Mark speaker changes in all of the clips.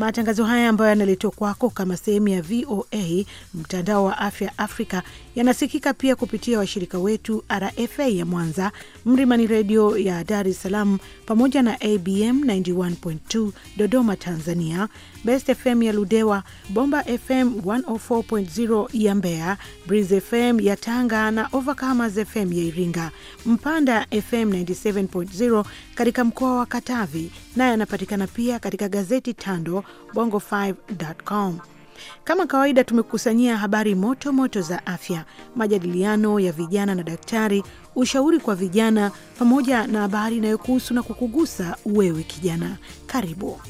Speaker 1: Matangazo haya ambayo yanaletwa kwako kama sehemu ya VOA mtandao wa afya Afrika yanasikika pia kupitia washirika wetu RFA ya Mwanza, Mlimani redio ya Dar es Salaam, pamoja na ABM 91.2 Dodoma, Tanzania, Best FM ya Ludewa, Bomba FM 104.0 ya Mbeya, Breeze FM ya Tanga na Overcomers FM ya Iringa, Mpanda FM 97.0 katika mkoa wa Katavi, naye anapatikana pia katika gazeti Tando Bongo5.com. Kama kawaida tumekusanyia habari moto moto za afya, majadiliano ya vijana na daktari, ushauri kwa vijana, pamoja na habari inayokuhusu na kukugusa wewe kijana. Karibu.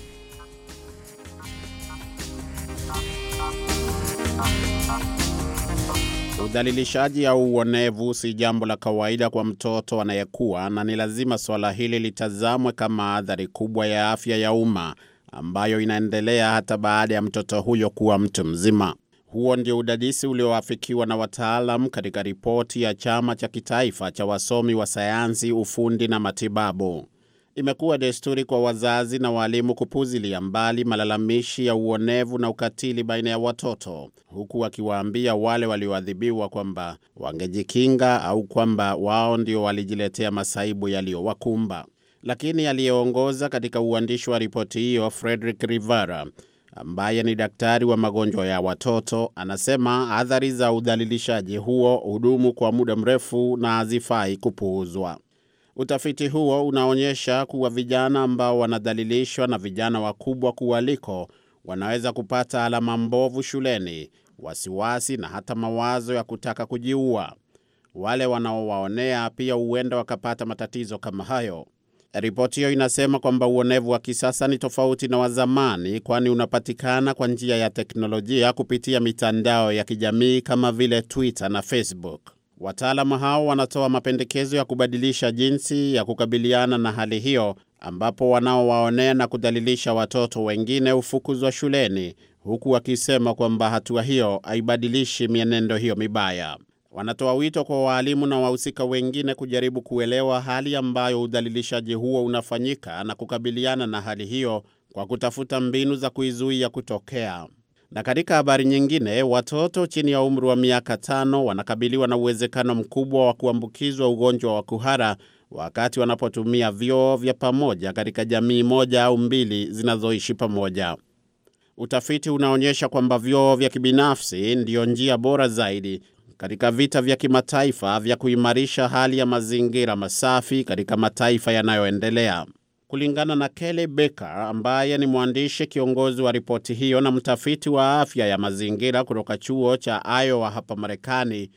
Speaker 2: Udhalilishaji au uonevu si jambo la kawaida kwa mtoto anayekuwa, na ni lazima suala hili litazamwe kama athari kubwa ya afya ya umma ambayo inaendelea hata baada ya mtoto huyo kuwa mtu mzima. Huo ndio udadisi ulioafikiwa na wataalam katika ripoti ya chama cha kitaifa cha wasomi wa sayansi, ufundi na matibabu. Imekuwa desturi kwa wazazi na walimu kupuzilia mbali malalamishi ya uonevu na ukatili baina ya watoto, huku wakiwaambia wale walioadhibiwa kwamba wangejikinga au kwamba wao ndio walijiletea masaibu yaliyowakumba. Lakini aliyeongoza katika uandishi wa ripoti hiyo, Frederick Rivara, ambaye ni daktari wa magonjwa ya watoto, anasema athari za udhalilishaji huo hudumu kwa muda mrefu na hazifai kupuuzwa. Utafiti huo unaonyesha kuwa vijana ambao wanadhalilishwa na vijana wakubwa kuwaliko wanaweza kupata alama mbovu shuleni, wasiwasi na hata mawazo ya kutaka kujiua. Wale wanaowaonea pia huenda wakapata matatizo kama hayo. Ripoti hiyo inasema kwamba uonevu wa kisasa ni tofauti na wa zamani, kwani unapatikana kwa njia ya teknolojia kupitia mitandao ya kijamii kama vile Twitter na Facebook. Wataalamu hao wanatoa mapendekezo ya kubadilisha jinsi ya kukabiliana na hali hiyo ambapo wanaowaonea na kudhalilisha watoto wengine hufukuzwa shuleni huku wakisema kwamba hatua hiyo haibadilishi mienendo hiyo mibaya. Wanatoa wito kwa waalimu na wahusika wengine kujaribu kuelewa hali ambayo udhalilishaji huo unafanyika na kukabiliana na hali hiyo kwa kutafuta mbinu za kuizuia kutokea. Na katika habari nyingine, watoto chini ya umri wa miaka tano wanakabiliwa na uwezekano mkubwa wa kuambukizwa ugonjwa wa kuhara wakati wanapotumia vyoo vya pamoja katika jamii moja au mbili zinazoishi pamoja. Utafiti unaonyesha kwamba vyoo vya kibinafsi ndiyo njia bora zaidi katika vita vya kimataifa vya kuimarisha hali ya mazingira masafi katika mataifa yanayoendelea kulingana na Kelly Baker ambaye ni mwandishi kiongozi wa ripoti hiyo na mtafiti wa afya ya mazingira kutoka chuo cha Iowa hapa Marekani.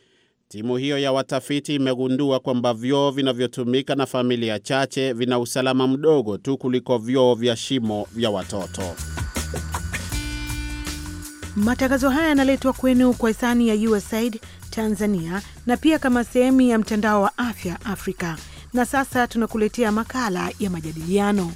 Speaker 2: Timu hiyo ya watafiti imegundua kwamba vyoo vinavyotumika na familia chache vina usalama mdogo tu kuliko vyoo vya shimo vya watoto.
Speaker 1: Matangazo haya yanaletwa kwenu kwa hisani ya USAID Tanzania na pia kama sehemu ya mtandao wa afya Afrika. Na sasa tunakuletea makala ya majadiliano.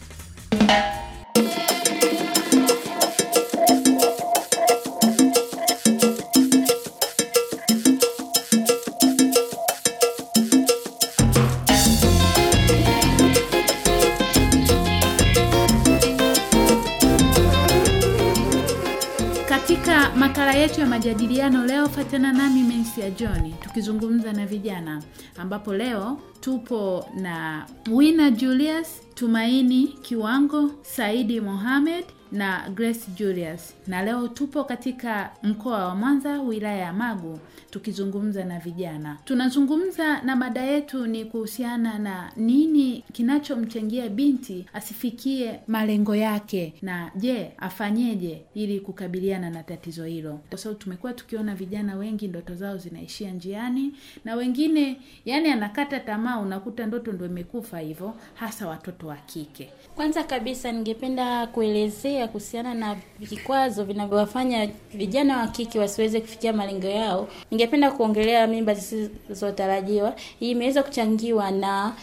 Speaker 3: Katika makala yetu ya majadiliano leo, fatana nami Mensia John tukizungumza na vijana ambapo leo tupo na Wina Julius, Tumaini Kiwango, Saidi Mohamed na Grace Julius, na leo tupo katika mkoa wa Mwanza, wilaya ya Magu, tukizungumza na vijana. Tunazungumza na mada yetu ni kuhusiana na nini kinachomchangia binti asifikie malengo yake, na je, afanyeje ili kukabiliana na tatizo hilo, kwa sababu tumekuwa tukiona vijana wengi ndoto zao zinaishia njiani, na wengine yani anakata tamaa, unakuta ndoto ndo imekufa hivyo, hasa watoto wa kike. Kwanza kabisa ningependa kuelezea kuongea kuhusiana na
Speaker 4: vikwazo vinavyowafanya vijana wa kike wasiweze kufikia malengo yao, ningependa kuongelea mimba zisizotarajiwa. Hii imeweza kuchangiwa na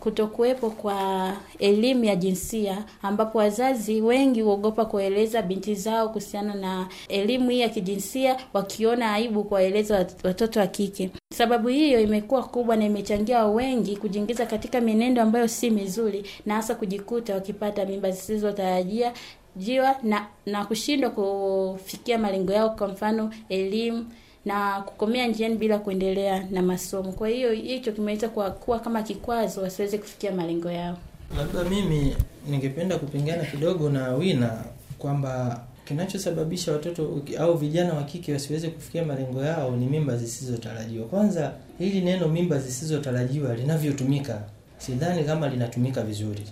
Speaker 4: kutokuwepo kwa elimu ya jinsia, ambapo wazazi wengi huogopa kueleza binti zao kuhusiana na elimu hii ya kijinsia, wakiona aibu kuwaeleza watoto wa kike. Sababu hiyo imekuwa kubwa na imechangia wengi kujiingiza katika mienendo ambayo si mizuri na hasa kujikuta wakipata mimba zisizotarajia jiwa na, na kushindwa kufikia malengo yao, kwa mfano elimu na kukomea njiani bila kuendelea na masomo. Kwa hiyo hicho kimeweza kuwa kama kikwazo wasiweze kufikia malengo
Speaker 5: yao. Labda mimi ningependa kupingana kidogo na Wina kwamba kinachosababisha watoto au vijana wa kike wasiweze kufikia malengo yao ni mimba zisizotarajiwa. Kwanza, hili neno mimba zisizotarajiwa linavyotumika, sidhani kama linatumika vizuri,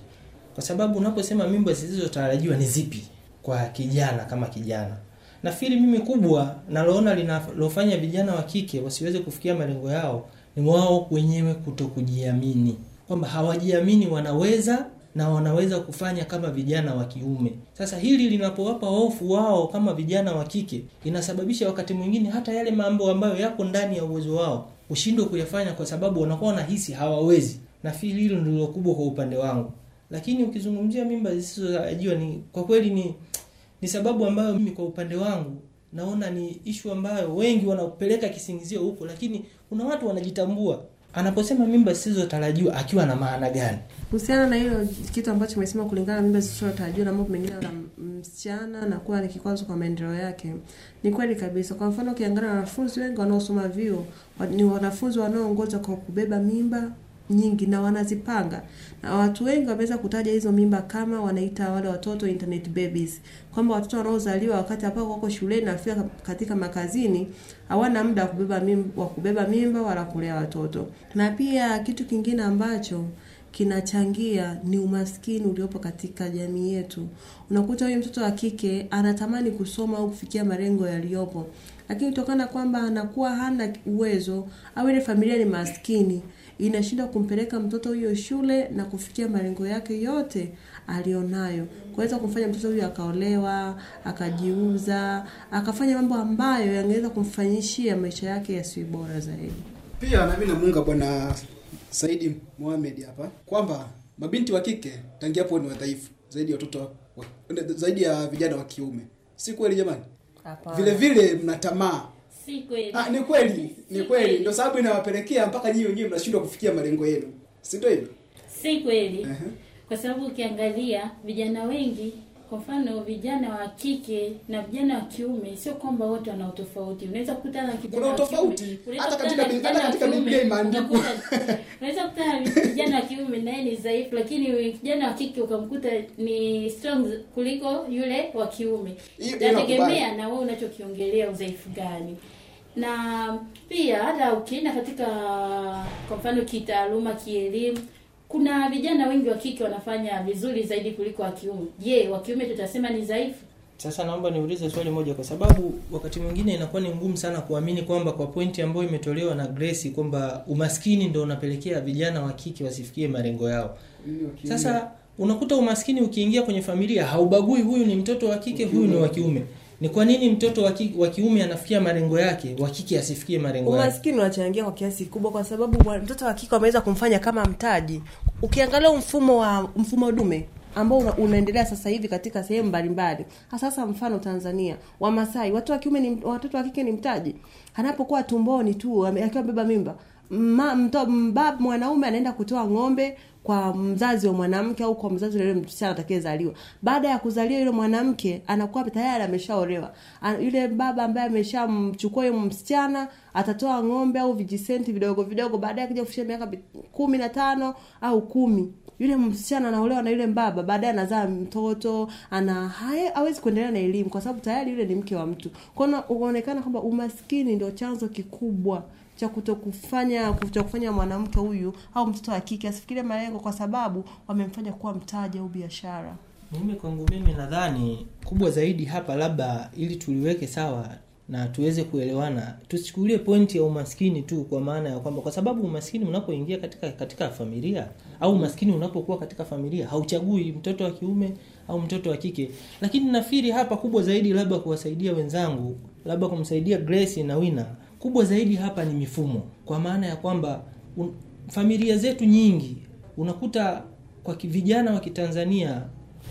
Speaker 5: kwa sababu unaposema mimba zisizotarajiwa ni zipi kwa kijana kama kijana? Nafikiri mimi kubwa naloona linalofanya vijana wa kike wasiweze kufikia malengo yao ni wao wenyewe kutokujiamini, kwamba hawajiamini wanaweza na wanaweza kufanya kama vijana wa kiume. Sasa hili linapowapa hofu wao kama vijana wa kike, inasababisha wakati mwingine hata yale mambo ambayo yako ndani ya uwezo wao kushindwa kuyafanya, kwa sababu wanakuwa wanahisi hawawezi. Nafikiri hilo ndilo kubwa kwa upande wangu, lakini ukizungumzia mimba zisizotarajiwa ni kwa kweli ni ni sababu ambayo mimi kwa upande wangu naona ni ishu ambayo wengi wanapeleka kisingizio huko, lakini kuna watu wanajitambua anaposema mimba zisizotarajiwa akiwa na maana gani?
Speaker 6: Kuhusiana na hilo kitu ambacho umesema, kulingana na mimba zisizotarajiwa na mambo mengine na msichana na kuwa ni kikwazo kwa maendeleo yake, ni kweli kabisa. Kwa mfano, ukiangalia wanafunzi wengi wanaosoma vyuo ni wanafunzi wanaoongoza kwa kubeba mimba nyingi na wanazipanga, na watu wengi wameweza kutaja hizo mimba kama wanaita wale watoto internet babies, kwamba watoto wanaozaliwa wakati hapo wako shuleni na fika katika makazini hawana muda wa kubeba mimba, wa kubeba mimba wala kulea watoto. Na pia kitu kingine ambacho kinachangia ni umaskini uliopo katika jamii yetu. Unakuta huyu mtoto wa kike anatamani kusoma au kufikia malengo yaliyopo, lakini kutokana kwamba anakuwa hana uwezo au ile familia ni maskini inashindwa kumpeleka mtoto huyo shule na kufikia malengo yake yote alionayo, kuweza kumfanya mtoto huyo akaolewa, akajiuza, akafanya mambo ambayo yangeweza kumfanyishia maisha yake yasiwe bora
Speaker 7: zaidi. Pia nami namuunga Bwana Saidi Mohamed hapa kwamba mabinti wa kike tangia hapo ni wadhaifu zaidi ya watoto zaidi ya vijana wa kiume, si kweli jamani? Vile vile mna tamaa
Speaker 6: Si kweli. Ah, ni kweli.
Speaker 7: Ni kweli. Ndio sababu inawapelekea mpaka nyinyi wenyewe mnashindwa kufikia malengo yenu. Si ndio hivyo?
Speaker 4: Si kweli. Uh -huh. Kwa sababu ukiangalia vijana wengi kwa mfano vijana wa kike na vijana wa kiume, sio kwamba wote wana utofauti. Unaweza kukutana na kijana wa tofauti,
Speaker 7: hata katika hata katika Biblia imeandikwa,
Speaker 4: unaweza kukutana na kijana wa kiume naye ni dhaifu, lakini kijana wa kike ukamkuta ni strong kuliko yule wa kiume.
Speaker 2: Inategemea
Speaker 4: na wewe unachokiongelea udhaifu gani na pia hata ukienda katika kwa mfano kitaaluma, kielimu kuna vijana wengi wa kike wanafanya vizuri zaidi kuliko wa kiume. Je, wa kiume tutasema ni dhaifu?
Speaker 8: Sasa
Speaker 5: naomba niulize swali moja, kwa sababu wakati mwingine inakuwa ni ngumu sana kuamini kwamba kwa pointi ambayo imetolewa na Grace kwamba umaskini ndio unapelekea vijana wa kike wasifikie malengo yao. Sasa unakuta umaskini ukiingia kwenye familia haubagui, huyu ni mtoto wa kike, huyu ni wa kiume ni kwa nini mtoto wa kiume anafikia malengo yake wa kike asifikie malengo yake?
Speaker 6: Umaskini unachangia kwa kiasi kikubwa, kwa sababu mtoto wa kike wameweza kumfanya kama mtaji. Ukiangalia mfumo wa mfumo dume ambao unaendelea sasa hivi katika sehemu mbalimbali, hasa mfano Tanzania, Wamasai, watu wa kiume ni watoto wa kike ni mtaji, anapokuwa tumboni tu akiwa beba mimba mbab, mwanaume anaenda kutoa ng'ombe kwa mzazi wa mwanamke au kwa mzazi yule msichana atakayezaliwa. Baada ya kuzaliwa yule mwanamke anakuwa tayari ameshaolewa. Yule baba ambaye ameshamchukua yule msichana atatoa ng'ombe au vijisenti vidogo vidogo, baadaye akija kufikia miaka kumi na tano au kumi yule msichana anaolewa na yule baba, baadaye anazaa mtoto, ana hawezi kuendelea na elimu kwa sababu tayari yule ni mke wa mtu. Kwa hiyo unaonekana kwamba umaskini ndio chanzo kikubwa cha kutokufanya cha kufanya mwanamke huyu au mtoto wa kike asifikirie malengo kwa sababu wamemfanya kuwa mtaji au biashara.
Speaker 5: Mimi kwangu mimi nadhani kubwa zaidi hapa, labda ili tuliweke sawa na tuweze kuelewana, tusichukulie pointi ya umaskini tu, kwa maana ya kwamba kwa sababu umaskini unapoingia katika katika familia au umaskini unapokuwa katika familia hauchagui mtoto wa kiume au mtoto wa kike, lakini nafiri hapa kubwa zaidi labda kuwasaidia wenzangu, labda kumsaidia Grace na Wina kubwa zaidi hapa ni mifumo, kwa maana ya kwamba un, familia zetu nyingi unakuta kwa vijana wa Kitanzania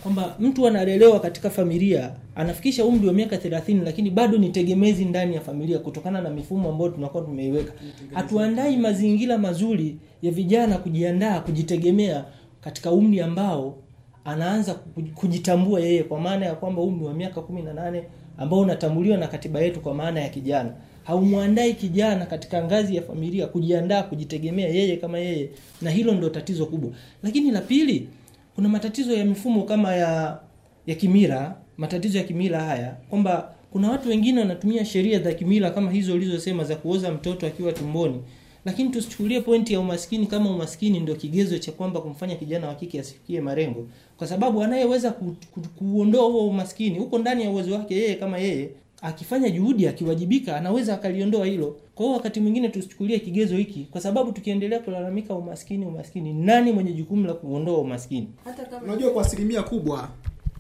Speaker 5: kwamba mtu analelewa katika familia anafikisha umri wa miaka 30 lakini bado ni tegemezi ndani ya familia kutokana na mifumo ambayo tunakuwa tumeiweka. Hatuandai mazingira mazuri ya vijana kujiandaa kujitegemea katika umri ambao anaanza kujitambua yeye, kwa maana ya kwamba umri wa miaka 18 ambao unatambuliwa na katiba yetu kwa maana ya kijana haumwandai kijana katika ngazi ya familia kujiandaa kujitegemea yeye kama yeye, na hilo ndio tatizo kubwa. Lakini la pili, kuna matatizo ya mifumo kama ya ya kimira matatizo ya kimira haya kwamba kuna watu wengine wanatumia sheria za kimira kama hizo ulizosema za kuoza mtoto akiwa tumboni, lakini tusichukulie pointi ya umaskini kama umaskini ndio kigezo cha kwamba kumfanya kijana wa kike asifikie marengo, kwa sababu anayeweza ku, ku, kuondoa huo umaskini huko ndani ya uwezo wake yeye kama yeye akifanya juhudi, akiwajibika, anaweza akaliondoa hilo. Kwa hiyo wakati mwingine tusichukulie kigezo hiki, kwa sababu tukiendelea kulalamika umaskini, umaskini, nani mwenye jukumu la kuondoa
Speaker 7: umaskini? kama unajua, kwa asilimia kubwa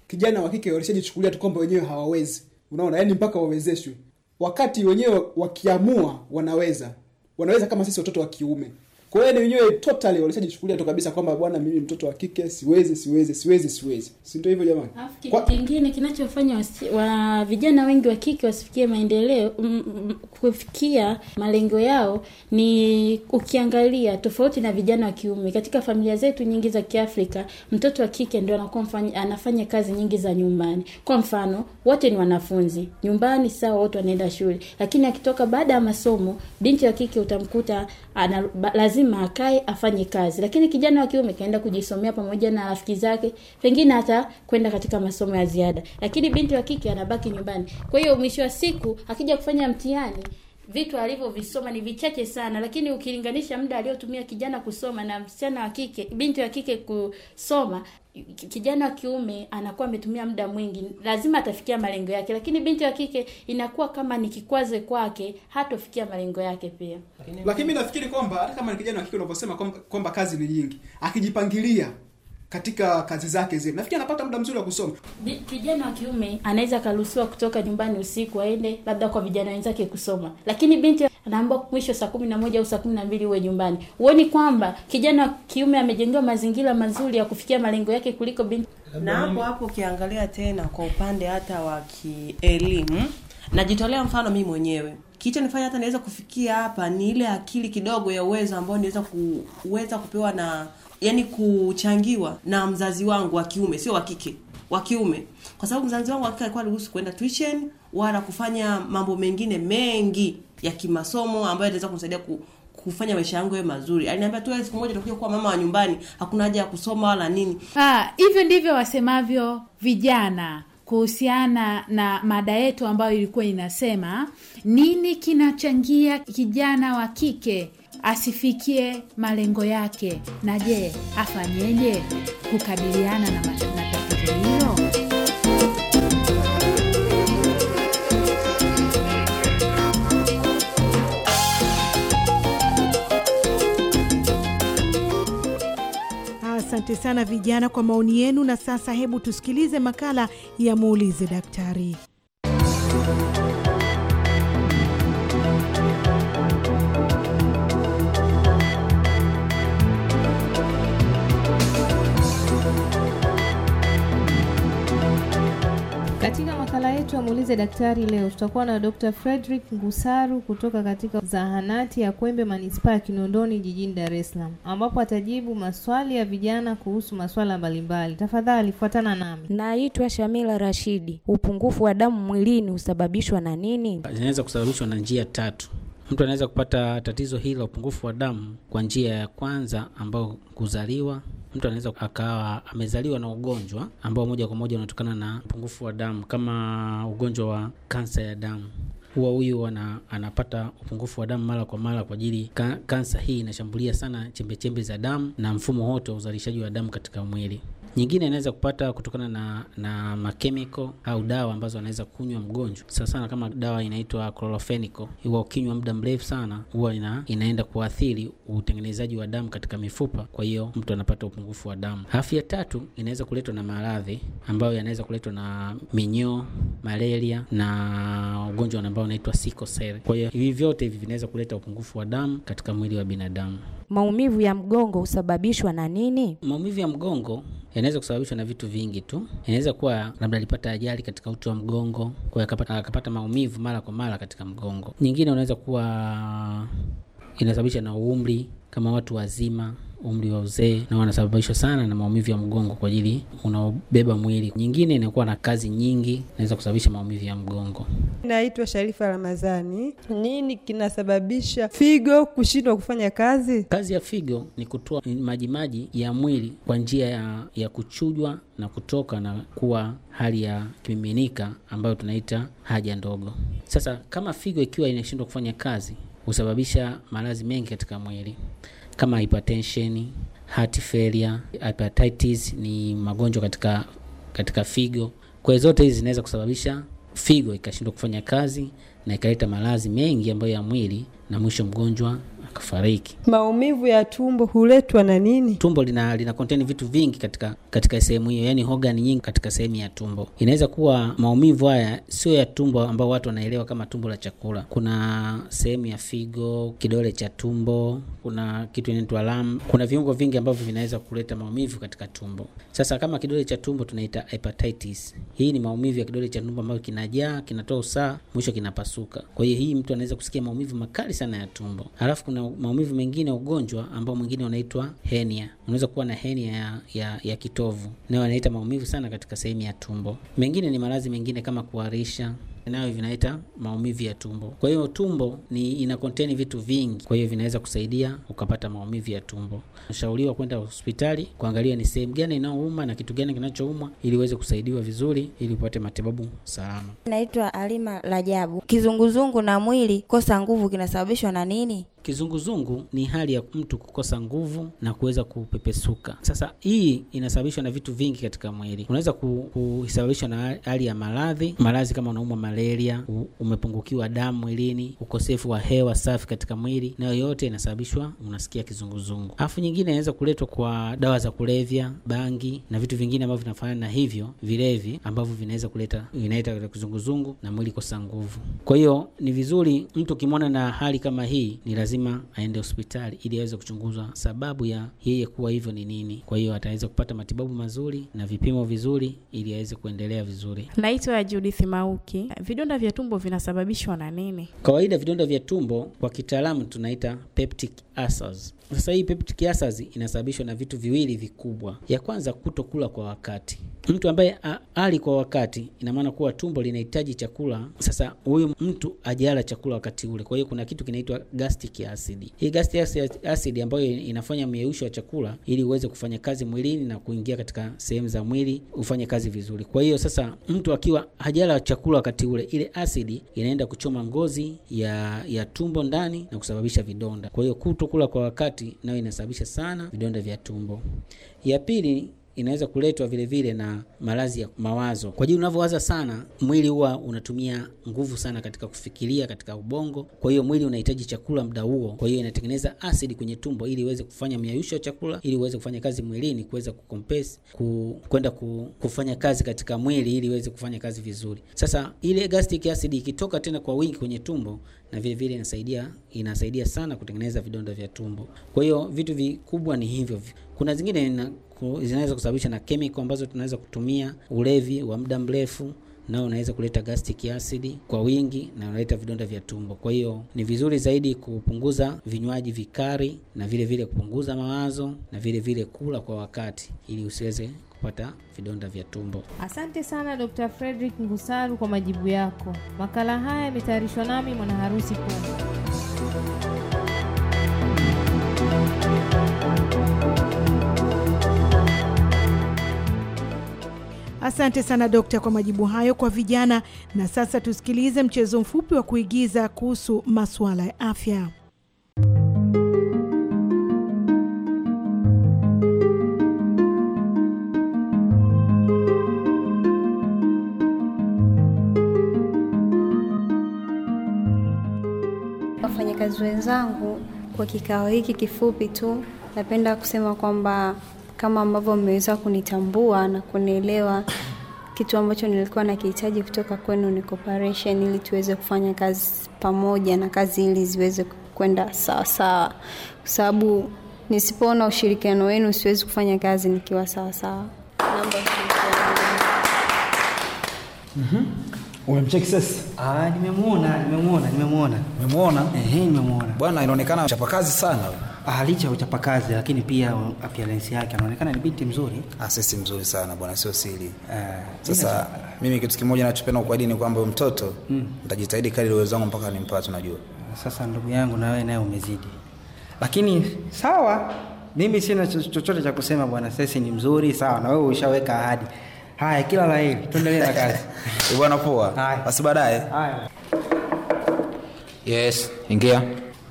Speaker 7: kijana wa kike walishajichukulia tu kwamba wenyewe hawawezi, unaona, yaani mpaka wawezeshwe, wakati wenyewe wakiamua wanaweza, wanaweza kama sisi watoto wa kiume. Kwa hiyo wenyewe totally walishajichukulia tu kabisa kwamba bwana, mimi mtoto wa kike siwezi, siwezi, siwezi, siwezi. Si ndio hivyo jamani?
Speaker 4: kwa... kingine kinachofanya wa vijana wengi wa kike wasifikie maendeleo kufikia malengo yao ni ukiangalia tofauti na vijana wa kiume. Katika familia zetu nyingi za Kiafrika, mtoto wa kike ndio anakuwa anafanya kazi nyingi za nyumbani. Kwa mfano, wote ni wanafunzi. Nyumbani sawa, wote wanaenda shule. Lakini akitoka baada ya masomo, binti wa kike utamkuta ana lazima akae afanye kazi. Lakini kijana wa kiume kaenda kujisomea pamoja na rafiki zake, pengine hata kwenda katika masomo ya ziada, lakini binti wa kike anabaki nyumbani. Kwa hiyo mwisho wa siku akija kufanya mtihani vitu alivyovisoma ni vichache sana, lakini ukilinganisha muda aliyotumia kijana kusoma na msichana wa kike, binti wa kike kusoma, kijana wa kiume anakuwa ametumia muda mwingi, lazima atafikia malengo yake, lakini binti wa kike inakuwa kama ni kikwazo kwake, hatofikia malengo yake pia.
Speaker 7: Lakini mi nafikiri kwamba hata kama ni kijana wa kike unavyosema kwamba kazi ni nyingi, akijipangilia katika kazi zake zile. Nafikiri anapata muda mzuri wa kusoma.
Speaker 4: Kijana wa kiume anaweza akaruhusiwa kutoka nyumbani usiku aende labda kwa vijana wenzake kusoma, lakini binti anaambiwa mwisho saa kumi na moja au saa kumi na mbili uwe nyumbani. Huoni kwamba kijana wa kiume amejengewa mazingira mazuri
Speaker 6: ya kufikia malengo yake kuliko binti? Na hapo hapo ukiangalia tena kwa upande hata wa kielimu, najitolea mfano mimi mwenyewe kicho nifanya hata niweza kufikia hapa ni ile akili kidogo ya uwezo ambao niweza kuweza kupewa na yani kuchangiwa na mzazi wangu wa kiume, sio wa kike, wa kiume, kwa sababu mzazi wangu wa kike alikuwa ruhusu kwenda tuition wala kufanya mambo mengine mengi ya kimasomo ambayo yataweza kumsaidia ku, kufanya maisha yangu yawe mazuri. Aliniambia tu siku moja utakuja kuwa mama wa nyumbani, hakuna haja ya kusoma wala nini.
Speaker 3: Ah, hivyo ndivyo wasemavyo vijana kuhusiana na mada yetu ambayo ilikuwa inasema nini kinachangia kijana wa kike asifikie malengo yake, na je, afanyeje kukabiliana na matatizo hiyo
Speaker 1: Asante sana vijana kwa maoni yenu, na sasa hebu tusikilize makala ya muulize daktari.
Speaker 4: Katika makala yetu amuulize daktari leo tutakuwa na Dr. Frederick Ngusaru kutoka katika zahanati ya Kwembe manispaa ya Kinondoni jijini Dar es Salaam, ambapo atajibu maswali ya vijana kuhusu masuala mbalimbali. Tafadhali fuatana nami. Naitwa Shamila Rashidi. Upungufu wa damu mwilini husababishwa na nini?
Speaker 8: Inaweza kusababishwa na njia tatu. Mtu anaweza kupata tatizo hili la upungufu wa damu kwa njia ya kwanza, ambayo kuzaliwa mtu anaweza akawa amezaliwa na ugonjwa ambao moja kwa moja unatokana na upungufu wa damu kama ugonjwa wa kansa ya damu huwa huyu ana, anapata upungufu wa damu mara kwa mara kwa ajili ka, kansa hii inashambulia sana chembechembe za damu na mfumo wote wa uzalishaji wa damu katika mwili. Nyingine inaweza kupata kutokana na, na makemiko au dawa ambazo anaweza kunywa mgonjwa. Sasa sana kama dawa inaitwa chlorofeniko, huwa ukinywa muda mrefu sana huwa ina, inaenda kuathiri utengenezaji wa damu katika mifupa, kwa hiyo mtu anapata upungufu wa damu. Afya ya tatu inaweza kuletwa na maradhi ambayo yanaweza kuletwa na minyoo, malaria na ugonjwa ambao unaitwa sickle cell. Kwa hiyo hivi vyote hivi vinaweza kuleta upungufu wa damu katika mwili wa binadamu.
Speaker 4: Maumivu ya mgongo husababishwa na nini?
Speaker 8: Maumivu ya mgongo yanaweza kusababishwa na vitu vingi tu. Inaweza kuwa labda alipata ajali katika uti wa mgongo, kwa akapata, akapata maumivu mara kwa mara katika mgongo. Nyingine unaweza kuwa inasababisha na umri, kama watu wazima umri wa uzee na wanasababishwa sana na maumivu ya mgongo kwa ajili unaobeba mwili. Nyingine inakuwa na kazi nyingi, naweza kusababisha maumivu ya mgongo.
Speaker 6: Naitwa Sharifa Ramadhani. Nini kinasababisha
Speaker 8: figo kushindwa kufanya kazi? Kazi ya figo ni kutoa majimaji ya mwili kwa njia ya, ya kuchujwa na kutoka na kuwa hali ya kimiminika ambayo tunaita haja ndogo. Sasa kama figo ikiwa inashindwa kufanya kazi husababisha maradhi mengi katika mwili kama hypertension, heart failure, hepatitis ni magonjwa katika, katika figo. Kwa hiyo zote hizi zinaweza kusababisha figo ikashindwa kufanya kazi na ikaleta maradhi mengi ambayo ya mwili na mwisho mgonjwa akafariki. Maumivu ya tumbo huletwa na nini? Tumbo lina lina contain vitu vingi katika katika sehemu hiyo, yani organ nyingi katika sehemu ya tumbo. Inaweza kuwa maumivu haya sio ya tumbo ambao watu wanaelewa kama tumbo la chakula. Kuna sehemu ya figo, kidole cha tumbo, kuna kitu inaitwa lam. Kuna viungo vingi ambavyo vinaweza kuleta maumivu katika tumbo. Sasa kama kidole cha tumbo tunaita hepatitis. Hii ni maumivu ya kidole cha tumbo ambayo kinajaa, kinatoa usaha, mwisho kinapasuka. Kwa hiyo hii mtu anaweza kusikia maumivu makali sana ya tumbo. Alafu kuna maumivu mengine ugonjwa ambao mwingine unaitwa henia. Unaweza kuwa na henia ya, ya, ya kitovu nayo anaita maumivu sana katika sehemu ya tumbo. Mengine ni maradhi mengine kama kuharisha nayo vinaita maumivu ya tumbo. Kwa hiyo tumbo ni ina contain vitu vingi, kwa hiyo vinaweza kusaidia ukapata maumivu ya tumbo. Unashauriwa kwenda hospitali kuangalia ni sehemu gani inayouma na kitu gani kinachouma, ili uweze kusaidiwa vizuri, ili upate matibabu salama.
Speaker 9: Naitwa Alima Rajabu. Kizunguzungu na mwili kosa nguvu kinasababishwa na nini?
Speaker 8: Kizunguzungu ni hali ya mtu kukosa nguvu na kuweza kupepesuka. Sasa hii inasababishwa na vitu vingi katika mwili. Unaweza kusababishwa na hali ya maradhi, maradhi kama unaumwa malaria, umepungukiwa damu mwilini, ukosefu wa hewa safi katika mwili, nayo yote inasababishwa unasikia kizunguzungu. Alafu nyingine inaweza kuletwa kwa dawa za kulevya, bangi na vitu vingine ambavyo vinafanana na hivyo vilevi, ambavyo vinaweza kuleta vinaleta kizunguzungu na mwili kosa nguvu. Kwa hiyo ni vizuri mtu ukimwona na hali kama hii ni lazima lazima aende hospitali ili aweze kuchunguzwa sababu ya yeye kuwa hivyo ni nini. Kwa hiyo ataweza kupata matibabu mazuri na vipimo vizuri ili aweze kuendelea vizuri.
Speaker 4: Naitwa Judith Mauki. Vidonda vya tumbo vinasababishwa na nini?
Speaker 8: Kawaida vidonda vya tumbo kwa kitaalamu tunaita peptic asas. Sasa hii peptic asas inasababishwa na vitu viwili vikubwa. Ya kwanza, kutokula kwa wakati. Mtu ambaye ali kwa wakati, ina maana kuwa tumbo linahitaji chakula. Sasa huyu mtu ajala chakula wakati ule, kwa hiyo kuna kitu kinaitwa gastric acid. Hii gastric acid ambayo inafanya myeusho wa chakula ili uweze kufanya kazi mwilini na kuingia katika sehemu za mwili ufanye kazi vizuri. Kwa hiyo sasa mtu akiwa hajala chakula wakati ule, ile asidi inaenda kuchoma ngozi ya, ya tumbo ndani na kusababisha vidonda. Kwa hiyo kuto kutokula kwa wakati nayo inasababisha sana vidonda vya tumbo. Ya pili inaweza kuletwa vile vile na maradhi ya mawazo. Kwa jili unavyowaza sana, mwili huwa unatumia nguvu sana katika kufikiria katika ubongo, kwa hiyo mwili unahitaji chakula muda huo, kwa hiyo inatengeneza asidi kwenye tumbo ili iweze kufanya miayusho ya chakula ili iweze kufanya kazi mwilini, kuweza kukompesi kwenda ku, kufanya kazi katika mwili ili iweze kufanya kazi vizuri. Sasa ile gastric acid ikitoka tena kwa wingi kwenye tumbo na vile vile inasaidia inasaidia sana kutengeneza vidonda vya tumbo. Kwa hiyo vitu vikubwa ni hivyo. Kuna zingine zinaweza kusababisha na kemiko ambazo tunaweza kutumia. Ulevi wa muda mrefu nao unaweza kuleta gastric acid kwa wingi na unaleta vidonda vya tumbo. Kwa hiyo ni vizuri zaidi kupunguza vinywaji vikali na vile vile kupunguza mawazo na vile vile kula kwa wakati ili usiweze kupata vidonda vya tumbo.
Speaker 4: Asante sana Dr. Frederick Ngusaru kwa majibu yako. Makala haya yametayarishwa nami mwana harusi kwa
Speaker 1: Asante sana dokta kwa majibu hayo kwa vijana. Na sasa tusikilize mchezo mfupi wa kuigiza kuhusu masuala ya afya.
Speaker 9: Wafanyakazi wenzangu, kwa kikao hiki kifupi tu, napenda kusema kwamba kama ambavyo mmeweza kunitambua na kunielewa. Kitu ambacho nilikuwa nakihitaji kutoka kwenu ni cooperation, ili tuweze kufanya kazi pamoja na kazi ili ziweze kwenda sawasawa, kwa sababu nisipoona ushirikiano wenu siwezi kufanya kazi nikiwa
Speaker 7: sawasawa. mm mhm. Umemcheki sasa? Ah, nimemuona, nimemuona, nimemuona. Nimemuona? Eh, nimemuona. Bwana inaonekana kazi sana. Ah, licha ya uchapakazi lakini pia appearance yake anaonekana ni binti mzuri. Ah, sisi mzuri sana bwana, sio siri. Ah, Sasa mimi kitu kimoja nachopenda kwa dini kwamba mtoto hmm. nitajitahidi mm, kadri uwezo wangu mpaka nimpate, unajua.
Speaker 8: Sasa ndugu yangu na wewe naye umezidi.
Speaker 7: Lakini sawa, mimi sina chochote cha kusema bwana, sisi ni mzuri sawa, na wewe ushaweka ahadi. Haya, kila la heri, tuendelee na kazi. Bwana poa. Basi baadaye. Haya. Yes, ingia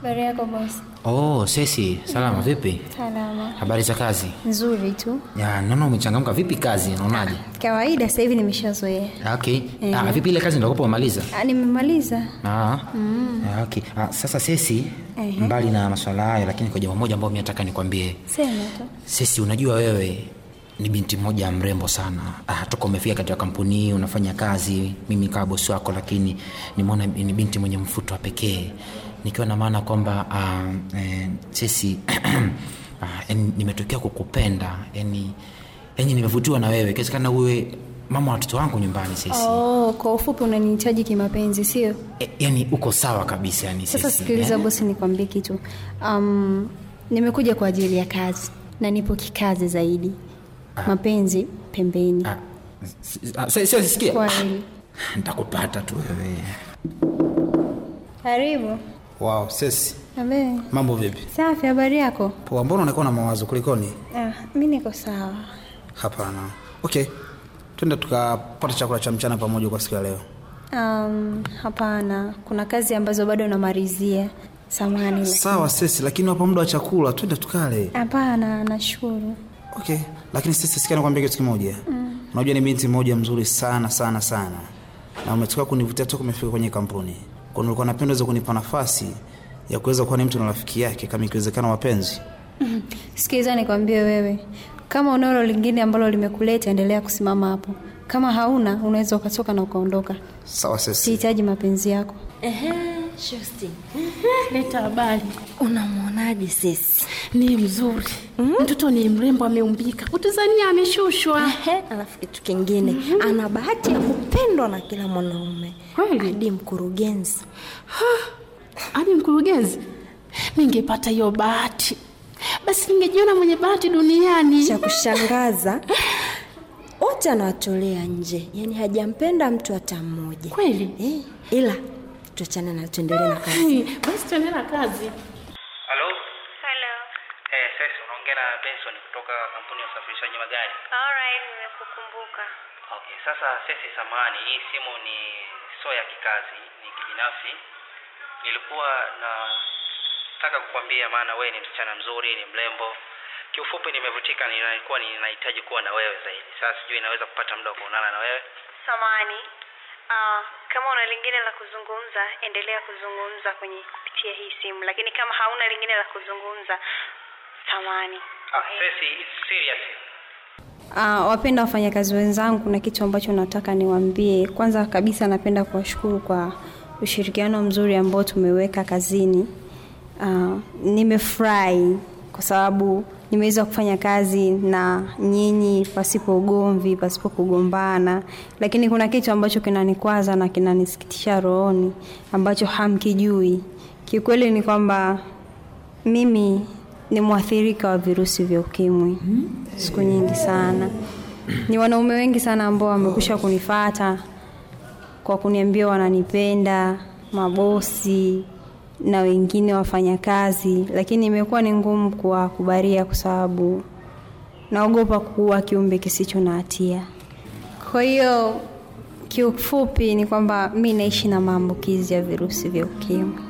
Speaker 9: bari yako boss?
Speaker 8: Oh, Sesi, salama mm-hmm. vipi? Salama. Habari za kazi?
Speaker 9: Nzuri tu.
Speaker 8: Ya, naona umechangamka vipi kazi? Unaonaje? Ah,
Speaker 9: kawaida sasa hivi nimeshazoea.
Speaker 8: Okay. E. Ah, vipi ile kazi ndio kwa umemaliza?
Speaker 9: Ah, nimemaliza. Ah. Mm.
Speaker 8: Ah, okay. Ah, sasa Sesi, Ehe. mbali na masuala hayo lakini kwa jambo moja ambalo mimi nataka nikwambie. Sema tu. Sesi, unajua wewe ni binti moja mrembo sana ah, toka umefika katika kampuni hii unafanya kazi, mimi kawa bosi wako, lakini nimeona ni binti mwenye mfuto wa pekee nikiwa na maana kwamba uh, Chesi uh, nimetokea kukupenda yani yani nimevutiwa na wewe kiwezekana uwe mama watoto wangu nyumbani sisi.
Speaker 9: Oh, kwa ufupi unanihitaji kimapenzi sio?
Speaker 8: E, yani uko sawa kabisa yani sisi. Sasa sikiliza yeah.
Speaker 9: Bosi, nikwambie kitu. Um, nimekuja kwa ajili ya kazi na nipo kikazi zaidi. Ah. Mapenzi pembeni. Ah.
Speaker 7: Sio sisikia sikia. tu wewe. Karibu. Wow, sesi. Abe. Mambo vipi?
Speaker 9: Safi, habari yako?
Speaker 7: Poa, mbona unakuwa na mawazo kulikoni?
Speaker 9: Ah, mimi niko sawa.
Speaker 7: Hapana. Okay. Twende tukapata chakula cha mchana pamoja kwa siku ya leo.
Speaker 9: Um, hapana. Kuna kazi ambazo bado namalizia. Samahani. Sawa
Speaker 7: sesi, lakini wapo muda wa chakula, twende tukale.
Speaker 9: Hapana, nashukuru.
Speaker 7: Okay, lakini sisi sikia nakwambia kitu kimoja. Mm. Unajua ni binti mmoja mzuri sana sana sana. Na umetoka kunivutia toka umefika kwenye kampuni. Kwa nilikuwa napenda za kunipa nafasi ya kuweza kuwa ni mtu na rafiki yake kama ikiwezekana wapenzi.
Speaker 9: Sikiliza nikwambie wewe. Kama unalo lingine ambalo limekuleta endelea kusimama hapo. Kama hauna unaweza ukatoka na ukaondoka. Sawa sasa. Sihitaji mapenzi yako.
Speaker 4: Ehe. Shosti, leta habari. Unamwonaje sisi? Ni mzuri mm -hmm. Mtoto ni mrembo, ameumbika, utuzania ameshushwa. Alafu kitu kingine mm -hmm. ana bahati ya kupendwa na kila mwanaume hadi mkurugenzi, hadi mkurugenzi. Ningepata hiyo bahati basi ningejiona mwenye bahati duniani. Cha kushangaza
Speaker 9: wote anawatolea nje, yaani hajampenda mtu hata mmoja kweli eh, ila tuachane na tuendelee na kazi. Basi tuendelee na kazi. Halo? Hello.
Speaker 3: Eh, sasa unaongea na Benson kutoka kampuni ya usafirishaji magari.
Speaker 9: All right, nimekukumbuka.
Speaker 5: Okay, sasa sisi samani, hii simu ni sio ya kikazi, ni kibinafsi. Nilikuwa na nataka kukwambia, maana wewe ni msichana mzuri, ni mrembo. Kiufupi nimevutika, nilikuwa ninahitaji kuwa
Speaker 9: na wewe
Speaker 7: zaidi. Sasa sijui naweza kupata muda wa kuonana na wewe.
Speaker 9: Samani, Uh, kama una lingine la kuzungumza endelea kuzungumza kwenye kupitia hii simu, lakini kama hauna lingine la kuzungumza samani. sisi ah, serious. Uh, wapenda wafanyakazi wenzangu, kuna kitu ambacho nataka niwaambie. Kwanza kabisa, napenda kuwashukuru kwa ushirikiano mzuri ambao tumeweka kazini. Uh, nimefurahi kwa sababu nimeweza kufanya kazi na nyinyi pasipo ugomvi, pasipo kugombana, lakini kuna kitu ambacho kinanikwaza na kinanisikitisha rohoni ambacho hamkijui. Kiukweli ni kwamba mimi ni mwathirika wa virusi vya ukimwi siku nyingi sana. Ni wanaume wengi sana ambao wamekusha kunifata kwa kuniambia wananipenda, mabosi na wengine wafanyakazi, lakini imekuwa ni ngumu kuwakubalia kwa sababu naogopa kuua kiumbe kisicho na hatia. Kwa hiyo kiufupi ni kwamba mi naishi na maambukizi ya virusi vya ukimwi.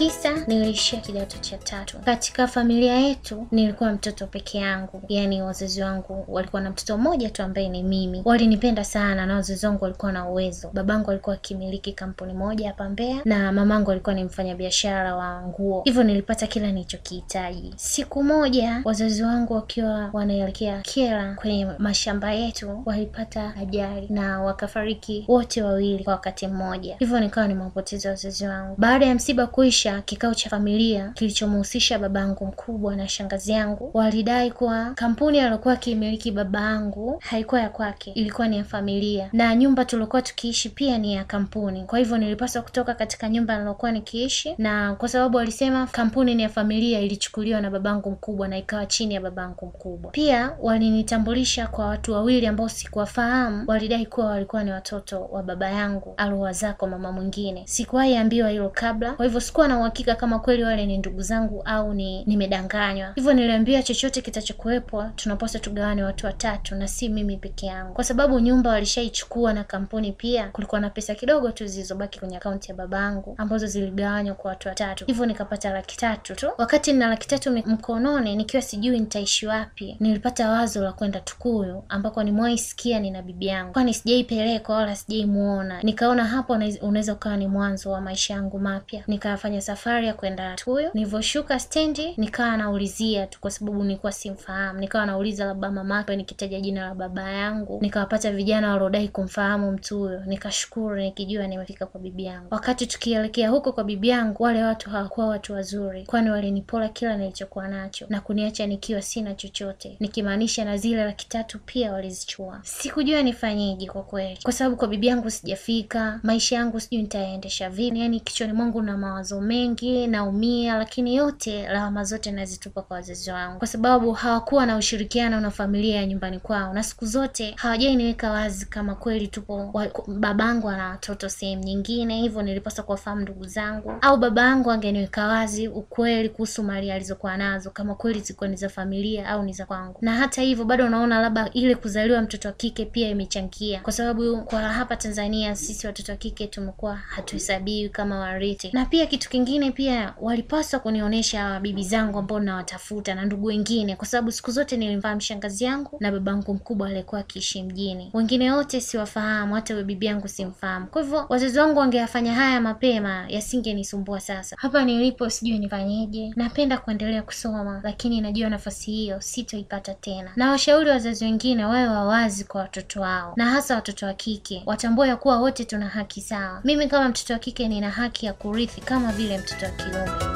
Speaker 10: tisa niliishia kidato cha tatu. Katika familia yetu nilikuwa mtoto peke yangu, yani wazazi wangu walikuwa na mtoto mmoja tu ambaye ni mimi. Walinipenda sana na wazazi wangu walikuwa na uwezo. Babangu alikuwa akimiliki kampuni moja hapa Mbeya na mamangu alikuwa ni mfanyabiashara wa nguo, hivyo nilipata kila nilichokihitaji. Siku moja wazazi wangu wakiwa wanaelekea Kera kwenye mashamba yetu walipata ajali na wakafariki wote wawili kwa wakati mmoja, hivyo nikawa nimewapoteza wazazi wangu. Baada ya msiba kuisha cha kikao cha familia kilichomhusisha babangu mkubwa na shangazi yangu, walidai kuwa kampuni aliyokuwa akimiliki babangu haikuwa ya kwake, ilikuwa ni ya familia, na nyumba tuliokuwa tukiishi pia ni ya kampuni. Kwa hivyo nilipaswa kutoka katika nyumba nilokuwa nikiishi, na kwa sababu walisema kampuni ni ya familia, ilichukuliwa na babangu mkubwa na ikawa chini ya babangu mkubwa. Pia walinitambulisha kwa watu wawili ambao sikuwafahamu, walidai kuwa walikuwa ni watoto wa baba yangu aliowazaa kwa mama mwingine. Sikuwahi ambiwa hilo kabla, kwa hivyo sikuwa na uhakika kama kweli wale ni ndugu zangu au ni nimedanganywa. Hivyo niliambia chochote kitachokuwepo tunapaswa tugawane watu watatu na si mimi peke yangu, kwa sababu nyumba walishaichukua na kampuni pia. Kulikuwa na pesa kidogo tu zilizobaki kwenye akaunti ya babangu ambazo ziligawanywa kwa watu watatu, hivyo nikapata laki tatu tu. Wakati nina laki tatu mkononi nikiwa sijui nitaishi wapi, nilipata wazo la kwenda Tukuyu ambako nimewaisikia nina bibi yangu, kwani sijaipelekwa wala sijaimuona. Nikaona hapo unaweza ukawa ni mwanzo wa maisha yangu mapya, nikafanya safari ya kwenda Tuyo. Nilivyoshuka stendi, nikawa naulizia tu, kwa sababu nilikuwa simfahamu, nikawa nauliza labda yake, nikitaja jina la baba yangu, nikawapata vijana walodai kumfahamu mtu huyo Nikashukuru nikijua nimefika kwa bibi yangu. Wakati tukielekea huko kwa bibi yangu, wale watu hawakuwa watu wazuri, kwani walinipola kila nilichokuwa nacho na kuniacha nikiwa sina chochote, nikimaanisha na zile laki tatu pia walizichua. Sikujua nifanyeje kwa kweli, kwa sababu kwa bibi yangu sijafika, maisha yangu sijui nitaendesha vipi, yani kichwani mwangu na mawazo mengi mengi naumia, lakini yote lawama zote nazitupa kwa wazazi wangu, kwa sababu hawakuwa na ushirikiano na familia ya nyumbani kwao, na siku zote hawajainiweka wazi kama kweli tupo wa, babangu ana watoto sehemu nyingine, hivyo nilipaswa kuwafahamu ndugu zangu, au babangu angeniweka wazi ukweli kuhusu mali alizokuwa nazo, kama kweli zilikuwa ni za familia au ni za kwangu. Na hata hivyo bado unaona labda ile kuzaliwa mtoto wa kike pia imechangia, kwa sababu kwa hapa Tanzania sisi watoto wa kike tumekuwa hatuhesabiwi kama warithi, na pia kitu kingine pia walipaswa kunionyesha bibi zangu ambao nawatafuta na ndugu wengine, kwa sababu siku zote nilimvaa mshangazi yangu na babangu mkubwa aliyekuwa akiishi mjini. Wengine wote siwafahamu, hata huyo bibi yangu simfahamu. Kwa hivyo wazazi wangu wangeyafanya haya mapema, yasingenisumbua sasa. Hapa nilipo sijui nifanyeje. Napenda kuendelea kusoma, lakini najua nafasi hiyo sitoipata tena. Na washauri wazazi wengine wawe wawazi kwa watoto wao, na hasa watoto wa kike, watambue ya kuwa wote tuna haki sawa. Mimi kama mtoto wa kike nina haki ya kurithi kama vile yule mtoto wa kiume.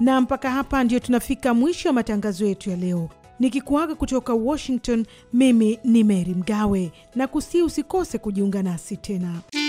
Speaker 1: Na mpaka hapa ndio tunafika mwisho wa matangazo yetu ya leo, nikikuaga kutoka Washington. Mimi ni mery Mgawe na kusii, usikose kujiunga nasi tena.